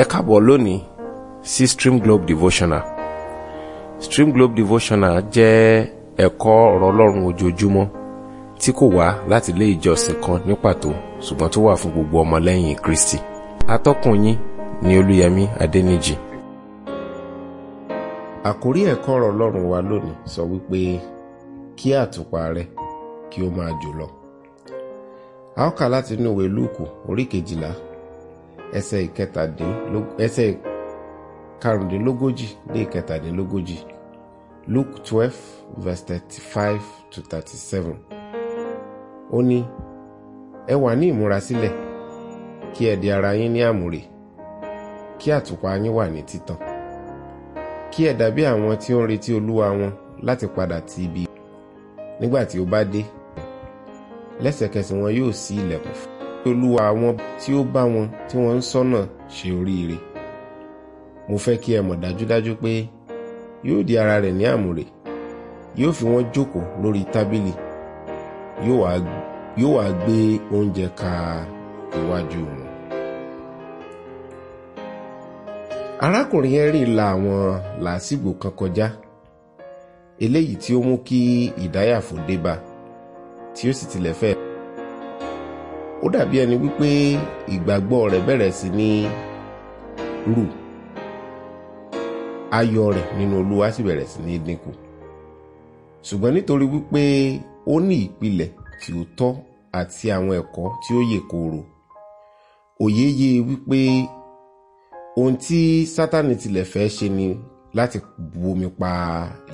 ẹ káàbọ̀ lónìí sí Stream Globe Devotional Stream Globe Devotional jẹ́ ẹ̀kọ́ ọ̀rọ̀ ọlọ́run ojoojúmọ́ tí kò wá láti ilé ìjọsìn kan ní pàtó ṣùgbọ́n tó wà fún gbogbo ọmọlẹ́yìn Kristi atọ́kùn yín ni Olúyẹmí Adẹ́nìjì. àkórí ẹ̀kọ́ ọ̀rọ̀ ọlọ́run wa lónìí sọ wípé kí àtùpà rẹ kí ó máa jò lọ a ó kà láti inú ìwé Lúùkù orí kejìlá ẹsẹ̀ ìkẹtàdínlógójì ẹsẹ̀ karùndínlógójì dé ìkẹtàdínlógójì luke twelve verse thirty-five to thirty-seven ó ní ẹ wà ní ìmúrasílẹ̀ kí ẹ di ara yín ní àmùrè kí àtùpà yín wà ní títàn kí ẹ dàbí àwọn tí ó ń retí olúwa wọn láti padà ti ibi nígbà tí ó bá dé lẹ́sẹ̀kẹsẹ̀ wọn yóò ṣí ilẹ̀kùn fún pé olúwa àwọn tí ó bá wọn tí wọ́n ń ṣọ́nà ṣe oríire mo fẹ́ kí ẹ mọ̀ dájúdájú pé yóò di ara rẹ̀ ní àmùrè yóò fi wọ́n jókòó lórí tábìlì yóò wá gbé oúnjẹ ka iwájú wọn. arákùnrin henry la àwọn làásìgbò kan kọjá eléyìí tí ó mú kí ìdáyàfò débá tí ó sì tilẹ̀ fẹ́ ó dàbí ẹni wípé ìgbàgbọ́ rẹ̀ bẹ̀rẹ̀ sí ní rù ayọ̀ rẹ̀ nínú olúwa sì bẹ̀rẹ̀ sí ní dínkù ṣùgbọ́n nítorí wípé ó ní ìpìlẹ̀ tí ó tọ́ àti àwọn ẹ̀kọ́ tí ó yè kooro òye yé e wípé ohun tí sátani tilẹ̀ fẹ́ ṣe ni láti bomi pa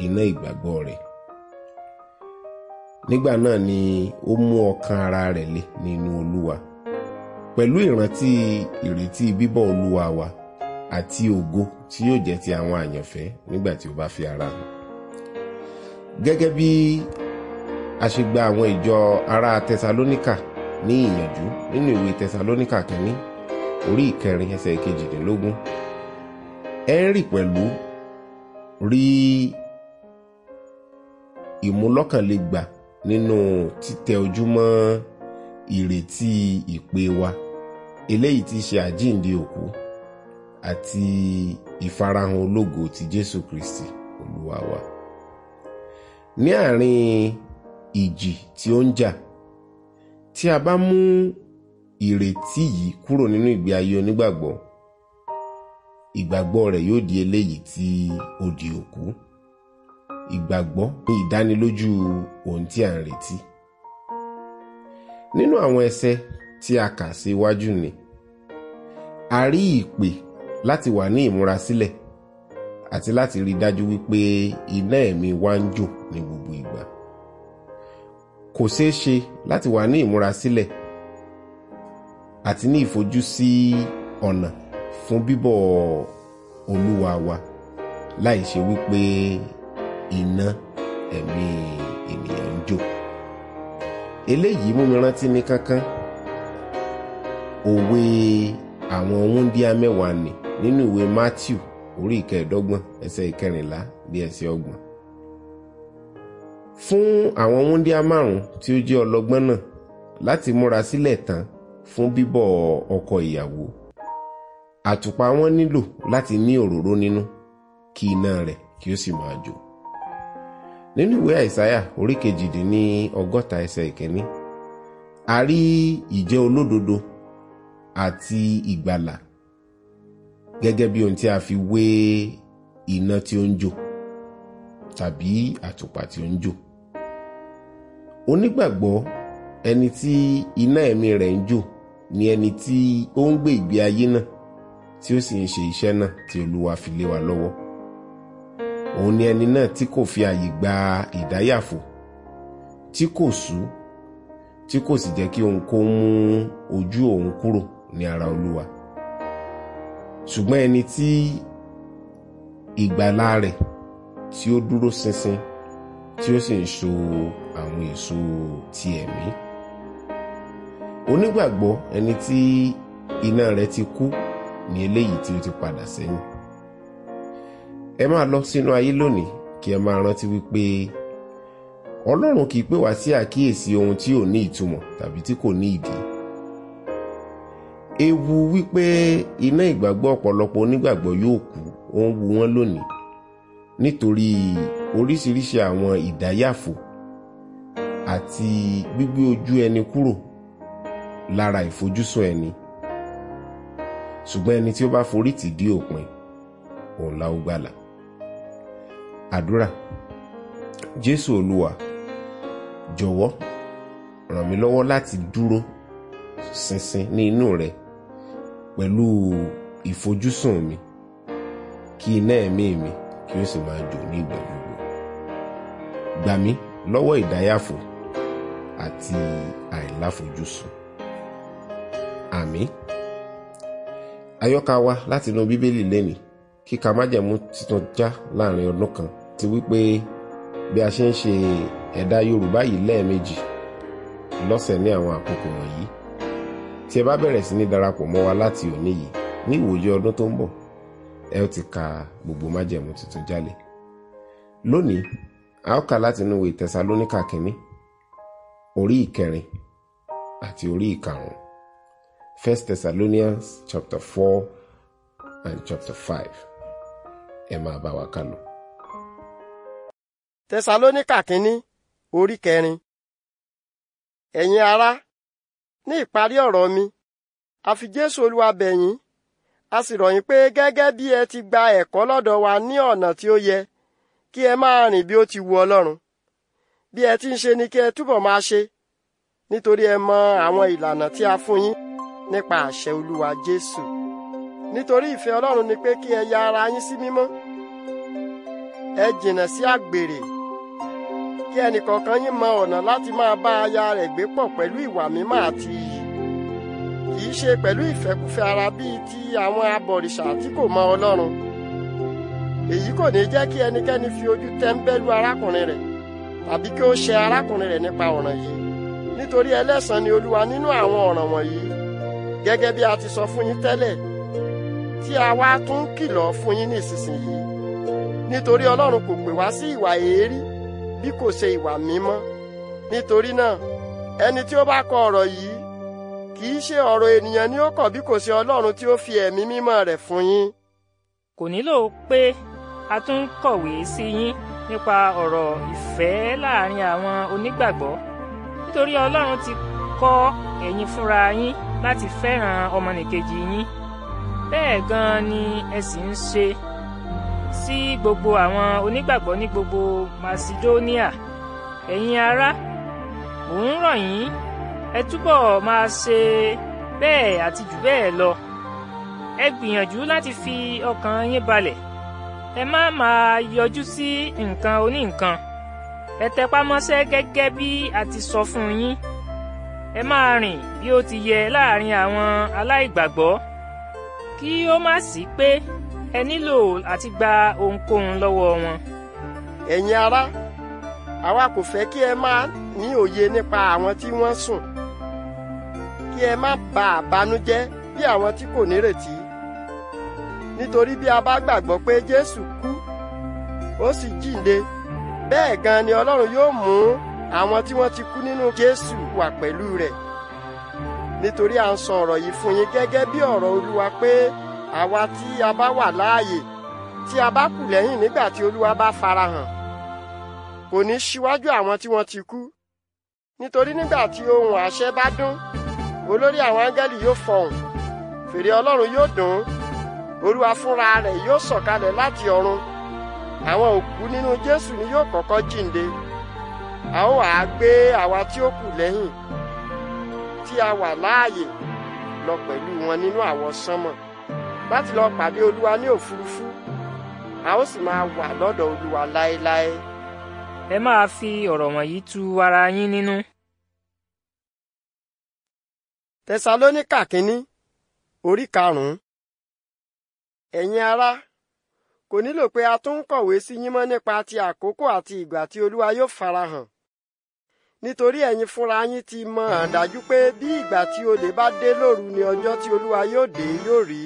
iná ìgbàgbọ́ rẹ̀ nígbà náà ni ó mú ọkàn ara rẹ̀ le nínú olúwa pẹ̀lú ìrántí ìrètí bíbọ̀ olúwa wa àti ògo tí yóò jẹ́ ti àwọn àyànfẹ́ nígbà tí ó bá fi ara hàn gẹ́gẹ́ bí a ṣe gba àwọn ìjọ ará tẹsalóníkà ní ìyànjú nínú ìwé tẹsalóníkà kìíní orí ìkẹrin ẹsẹ̀ kejìdínlógún henry pẹ̀lú rí ìmúlọ́kànlé nínú títẹ ojúmọ́ ìrètí ìpè wa eléyìí tí í ṣe àjíǹde òkú àti ìfarahàn ológo ti Jésù Kristi Olúwa wa ní àárín ìjì tí ó ń jà tí a bá mú ìrètí yìí kúrò nínú ìgbé ayé onígbàgbọ́ ìgbàgbọ́ rẹ̀ yóò di eléyìí tí ó di òkú ìgbàgbọ́ ní ìdánilójú ohun tí a ń retí. Nínú àwọn ẹsẹ tí a kà sí iwájú ni a rí ìpè láti wà ní ìmúrasílẹ̀ àti láti rí dájú wípé iná ẹ̀mí wa ń jò ní gbogbo ìgbà kò ṣeé ṣe láti wà ní ìmúrasílẹ̀ àti ní ìfojúsí ọ̀nà fún bíbọ̀ olúwa wa láì ṣe wípé iná ẹ̀mí ènìyàn ń jó eléyìí mú mi rántí ní kánkán òwe àwọn wúndíá mẹ́wàá ni nínú ìwé Matthew orí ìkẹẹ̀ẹ́dọ́gbọ̀n ẹsẹ̀ ìkẹrìnlá dé ẹsẹ̀ ọgbọ̀n fún àwọn wúndíá márùn-ún tí ó jẹ́ ọlọ́gbọ́n náà láti múra sílẹ̀ tán fún bíbọ̀ ọkọ ìyàwó àtùpà wọn nílò láti ní òróró nínú kí iná rẹ̀ kí ó sì máa jó nínú ìwé àìsáyà orí kejìdínní ọgọ́ta ẹsẹ̀ ìkíní a rí ìjẹ́ olódodo àti ìgbàlà gẹ́gẹ́ bí ohun tí a fi wé iná tí ó ń jò tàbí àtùpà tí ó ń jò onígbàgbọ́ ẹni tí iná ẹ̀mí rẹ̀ ń jò ni ẹni tí ó ń gbé ìgbé ayé náà tí ó sì ń ṣe iṣẹ́ náà tí olúwa fi lé wa lọ́wọ́ òun ni ẹni náà tí kò fi àyè gba ìdáyàfò tí kò sú tí kò sì jẹ́ kí òun kó mú ojú òun kúrò ní ara olúwa ṣùgbọ́n ẹni tí ìgbàlà rẹ̀ tí ó dúró ṣinṣin tí ó sì ń so àwọn èso ti ẹ̀mí onígbàgbọ́ ẹni tí iná rẹ̀ ti kú ni eléyìí tí ó ti padà sẹ́yìn ẹ máa lọ sínú ayé lónìí kí ẹ máa rántí wípé ọlọ́run kì í pè wá sí àkíyèsí ohun tí ò ní ìtumọ̀ tàbí tí kò ní ìdí. ewu wípé iná ìgbàgbọ́ ọ̀pọ̀lọpọ̀ onígbàgbọ́ yóò kú ó ń wu wọ́n lónìí nítorí oríṣiríṣi àwọn ìdáyàfò àti gbígbé ojú ẹni kúrò lára ìfojúsùn ẹni ṣùgbọ́n ẹni tí ó bá forí tì dí òpin òun la ó gbàlà àdúrà jésù olúwa jọ̀wọ́ ràn mí lọ́wọ́ láti dúró ṣinṣin ní inú rẹ pẹ̀lú ìfojúsùn mi kí iná ẹ̀mí mi kí ó sì máa jò ní ìgbà gbogbo gbà mí lọ́wọ́ ìdáyàfò àti àìláfojúsùn àmín àyọkà wa látinú bíbélì lẹ́nìí kíka májẹ̀mú titun já láàrin ọdún kan àti wípé bí a ṣe ń ṣe ẹ̀dà Yorùbá yìí lẹ́ẹ̀mejì lọ́sẹ̀ ní àwọn àkókò wọ̀nyí tí ẹ bá bẹ̀rẹ̀ sí ní darapọ̀ mọ́ wa láti òní yìí ní ìwòye ọdún tó ń bọ̀ ẹ ó ti ka gbogbo májẹ̀mú tuntun jálẹ̀ lónìí a ó kà láti inú ìwé Tẹsalóníkà kínní orí ìkẹrin àti orí ìkarùn First Thessalonians chapter four and chapter five ẹ máa bá wa kálọ tẹsalóníkà kínní orí kẹrin. ẹ̀yin ará ní ìparí ọ̀rọ̀ mi a fi jésù olúwa bẹ̀ yín a sì rọ̀ yín pé gẹ́gẹ́ bí ẹ ti gba ẹ̀kọ́ lọ́dọ̀ wa ní ọ̀nà tí ó yẹ kí ẹ máa rìn bí ó ti wu ọlọ́run bí ẹ ti ń ṣe ni kí ẹ túbọ̀ máa ṣe nítorí ẹ mọ àwọn ìlànà tí a fún yín nípa àṣẹ olúwa jésù nítorí ìfẹ́ ọlọ́run ni pé kí ẹ ya ara yín sí mímọ́ ẹ jìnnà sí àgbèrè. Si kí ẹnìkọ̀ọ̀kan yín mọ ọ̀nà láti máa bá aya rẹ̀ gbé pọ̀ pẹ̀lú ìwà mímọ́ àti iyì kì í ṣe pẹ̀lú ìfẹ́kúfẹ́ ara bíi ti àwọn abọ̀rìṣà tí kò mọ Ọlọ́run èyí kò ní jẹ́ kí ẹnikẹ́ni fi ojú tẹ́ńbẹ́lú arákùnrin rẹ̀ tàbí kí ó ṣe arákùnrin rẹ̀ nípa ọ̀ràn yìí nítorí ẹlẹ́san ni Olúwa nínú àwọn ọ̀ràn wọ̀nyí gẹ́gẹ́ bí a ti sọ fún yín tẹ́lẹ̀ tí a wá tún kìlọ̀ fún yín nísinsìnyí nítorí Ọlọ́run kò pè wá sí ìwà èérí bí kò ṣe ìwà mímọ́ nítorí náà ẹni tí ó bá kọ ọ̀rọ̀ yìí kì í ṣe ọ̀rọ̀ ènìyàn ni ó kọ̀ bí kò ṣe Ọlọ́run tí ó fi ẹ̀mí mímọ́ rẹ̀ fún yín. kò nílò pé a tún kọ̀wé sí yín nípa ọ̀rọ̀ ìfẹ́ láàrin àwọn onígbàgbọ́ nítorí Ọlọ́run ti kọ́ ẹ̀yin fúnra yín láti fẹ́ràn ọmọnìkejì yín bẹ́ẹ̀ gan-an ni ẹ sì ń ṣe sí gbogbo àwọn onígbàgbọ́ ní gbogbo Macedonia. ẹ̀yin ará mò ń rọ̀ yín ẹ túbọ̀ máa ṣe bẹ́ẹ̀ àti jù bẹ́ẹ̀ lọ ẹ gbìyànjú láti fi ọkàn yín balẹ̀ ẹ má máa yọjú sí nǹkan oníǹkan ẹ tẹpámọ́ṣẹ́ gẹ́gẹ́ bí a ti sọ fún yín ẹ máa rìn bí ó ti yẹ láàrin àwọn aláìgbàgbọ́ kí ó má sí pé ẹ nílò àti gba ohunkóhun lọ́wọ́ wọn. ẹ̀yin ará àwa kò fẹ́ kí ẹ máa ní òye nípa àwọn tí wọ́n sùn kí ẹ má bà á banújẹ́ bí àwọn tí kò nírètí nítorí bí a bá gbàgbọ́ pé Jésù kú ó sì jíǹde bẹ́ẹ̀ gan ni Ọlọ́run yóò mú àwọn tí wọ́n ti kú nínú Jésù wá pẹ̀lú rẹ̀ nítorí à ń sọ ọ̀rọ̀ yìí fún yín gẹ́gẹ́ bí ọ̀rọ̀ Olúwa pé àwa tí a bá wà láàyè tí a bá kù lẹ́yìn nígbà tí olúwa bá farahàn kò ní ṣíwájú àwọn tí wọ́n ti kú nítorí nígbà tí ohun àṣẹ bá dún olórí àwọn áńgẹ́lì yóò fọhùn fèrè ọlọ́run yóò dùn olúwa fúnra rẹ̀ yóò sọ̀kalẹ̀ láti ọ̀run àwọn òkú nínú jésù ni yóò kọ́kọ́ jíǹde a ó wàá gbé àwa tí ó kù lẹ́yìn tí a wà láàyè lọ pẹ̀lú wọn nínú àwọsánmọ̀. láti lọ pàdé olúwa ní òfurufú a ó sì máa wà lọ́dọ̀ olúwa láéláé. ẹ máa fi ọ̀rọ̀ wọ̀nyí tu ara yín nínú. tẹsalóníkà kínní orí karùnún. ẹ̀yin ara kò nílò pé a tún ń kọ̀wé sí yín mọ́ nípa ti àkókò àti ìgbà tí olúwa yóò farahàn nítorí ẹ̀yin fúnra yín ti mọ̀ hàn dájú pé bí ìgbà tí olè bá dé lóru ni ọjọ́ tí olúwa yóò dé yóò rí.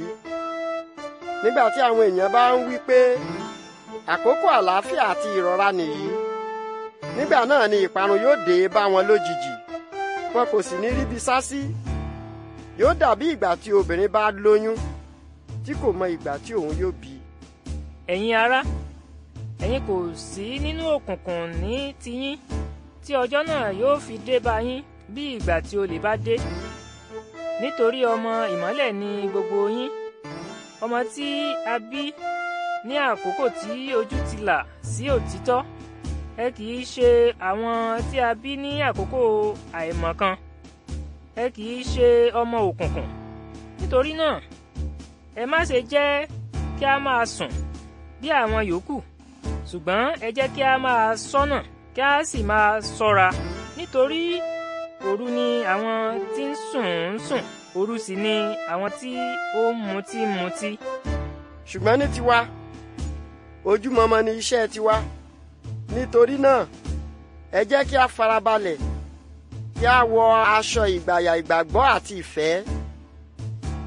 nígbà tí àwọn èèyàn bá ń wí pé àkókò àlàáfíà àti ìrọ̀ra nìyí nígbà náà ni ìparun yóò dé bá wọn lójijì wọn kò sì ní ríbi sá sí yóò dàbí ìgbà tí obìnrin bá lóyún tí kò mọ ìgbà tí òun yóò bí. ẹ̀yin ará ẹ̀yin kò sí nínú òkùnkùn ní tiyín tí ọjọ́ náà yóò fi dé bá yín bí ìgbà tí olè bá dé nítorí ọmọ ìmọ́lẹ̀ ni gbogbo yín ọmọ tí a bí ní àkókò tí ojú ti là sí òtítọ́ ẹ kì í ṣe àwọn tí a bí ní àkókò àìmọ̀kan ẹ kì í ṣe ọmọ òkùnkùn nítorí náà ẹ má ṣe jẹ́ kí a máa sùn bí àwọn yòókù ṣùgbọ́n ẹ jẹ́ kí a máa ṣọ́nà kí a sì máa ṣọ́ra nítorí òru ni àwọn tí ń sùn ń sùn òru sì ni àwọn tí ó ń mutí ń mutí. ṣùgbọ́n ní tiwa ojúmọmọ ni iṣẹ́ tiwa nítorí náà ẹ jẹ́ kí a farabalẹ̀ kí a wọ aṣọ ìgbàyà ìgbàgbọ́ àti ìfẹ́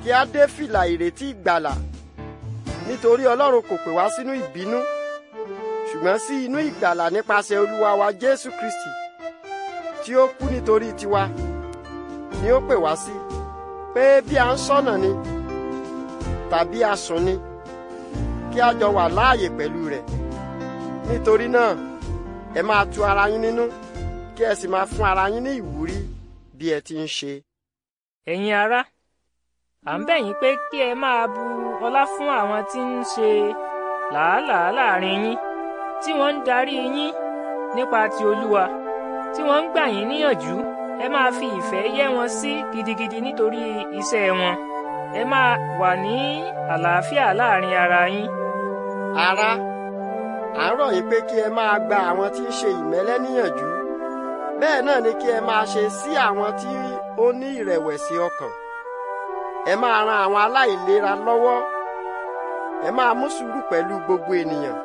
kí a dé fìlà ìrètí ìgbàlà nítorí ọlọ́run kò pè wá sínú ìbínú ṣùgbọ́n sí inú ìgbàlà nípasẹ̀ olúwa wa jésù kristi tí ó kú nítorí tiwa ni ó pè wá sí. Si pé bí a ń ṣọ́nà ni tàbí a sùn ni kí a jọ wà láàyè pẹ̀lú rẹ̀ nítorí náà ẹ máa tu ara yín nínú kí ẹ sì máa fún ara yín ní ìwúrí bí ẹ ti ń ṣe. ẹ̀yin ará à ń bẹ̀ pé kí ẹ máa bu ọlá fún àwọn tí ń ṣe làálàá láàrin yín tí wọ́n ń darí yín nípa ti olúwa tí wọ́n ń gbà yín níyànjú ẹ máa fi ìfẹ́ yẹ́ wọn sí gidigidi nítorí iṣẹ́ wọn ẹ máa wà ní àlàáfíà láàrin ara yín. ará à ń rọ̀ yín pé kí ẹ máa gba àwọn tí ń ṣe ìmẹ́lẹ́ níyànjú bẹ́ẹ̀ náà ni kí ẹ máa ṣe sí àwọn tí ó ní ìrẹ̀wẹ̀sì ọkàn ẹ máa ran àwọn aláìlera lọ́wọ́ ẹ máa mú sùúrù pẹ̀lú gbogbo ènìyàn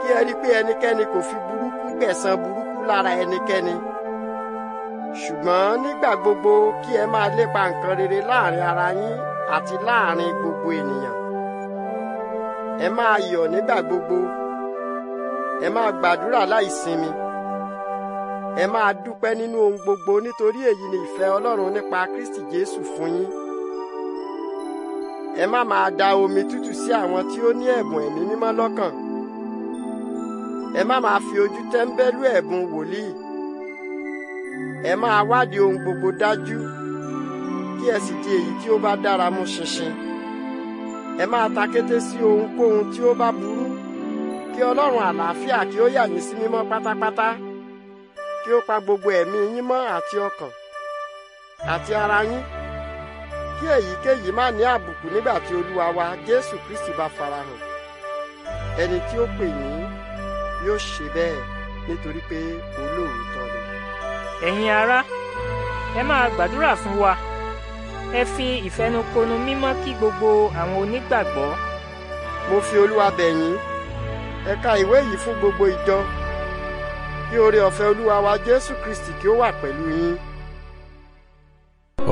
kí ẹ rí i pé ẹnikẹ́ni kò fi burúkú gbẹ̀san burúkú lára ẹnikẹ́ni ṣùgbọ́n nígbà gbogbo kí ẹ máa lépa nǹkan rere láàrin ara yín àti láàrin gbogbo ènìyàn ẹ máa yọ̀ nígbà gbogbo ẹ máa gbàdúrà láìsinmi ẹ máa dúpẹ́ nínú ohun gbogbo nítorí èyí ni ìfẹ́ Ọlọ́run nípa Kristi Jésù fún yín ẹ má máa da omi tútù sí àwọn tí ó ní ẹ̀bùn ẹ̀mí mímọ́ lọ́kàn ẹ má máa fi ojú tẹ́ńbẹ́lú ẹ̀bùn wòlíì ẹ máa wádìí ohun gbogbo dájú kí ẹ sì di èyí tí ó bá dára mú ṣinṣin ẹ máa ta kété sí ohunkóhun tí ó bá burú kí ọlọ́run àlàáfíà kí ó yà yín sí mímọ́ pátápátá kí ó pa gbogbo ẹ̀mí yín mọ́ àti ọkàn àti ara yín kí èyíkéyìí má ní àbùkù nígbà tí olúwa wa jésù kristi bá farahàn ẹni tí ó pè yín yóò ṣe bẹ́ẹ̀ nítorí pé olóòótọ́ ẹ̀yin ará ẹ máa gbàdúrà fún wa ẹ fi ìfẹnukonu mímọ́ kí gbogbo àwọn onígbàgbọ́. mo fi olúwa bẹ̀ yín ẹ ka ìwé yìí fún gbogbo ìjọ kí oore ọ̀fẹ́ olúwa wa jésù kristi kí ó wà pẹ̀lú yín.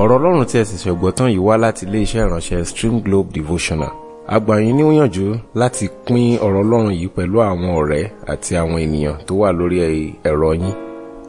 ọ̀rọ̀ ọlọ́run tí ẹ sì ṣẹ̀gbọ́ tán yìí wá láti iléeṣẹ́ ìránṣẹ́ stream globe devotional a ni yín níyànjú láti pín ọ̀rọ̀ ọlọ́run yìí pẹ̀lú àwọn ọ̀rẹ́ àti àwọn ènìyàn tó wà lórí ẹ̀rọ yín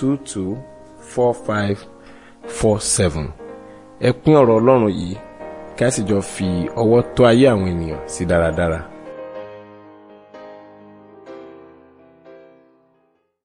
22 45 47. ẹ pín ọ̀rọ̀ ọlọ́run yìí kí a sì jọ fi ọwọ́ tó ayé àwọn ènìyàn sí dáradára.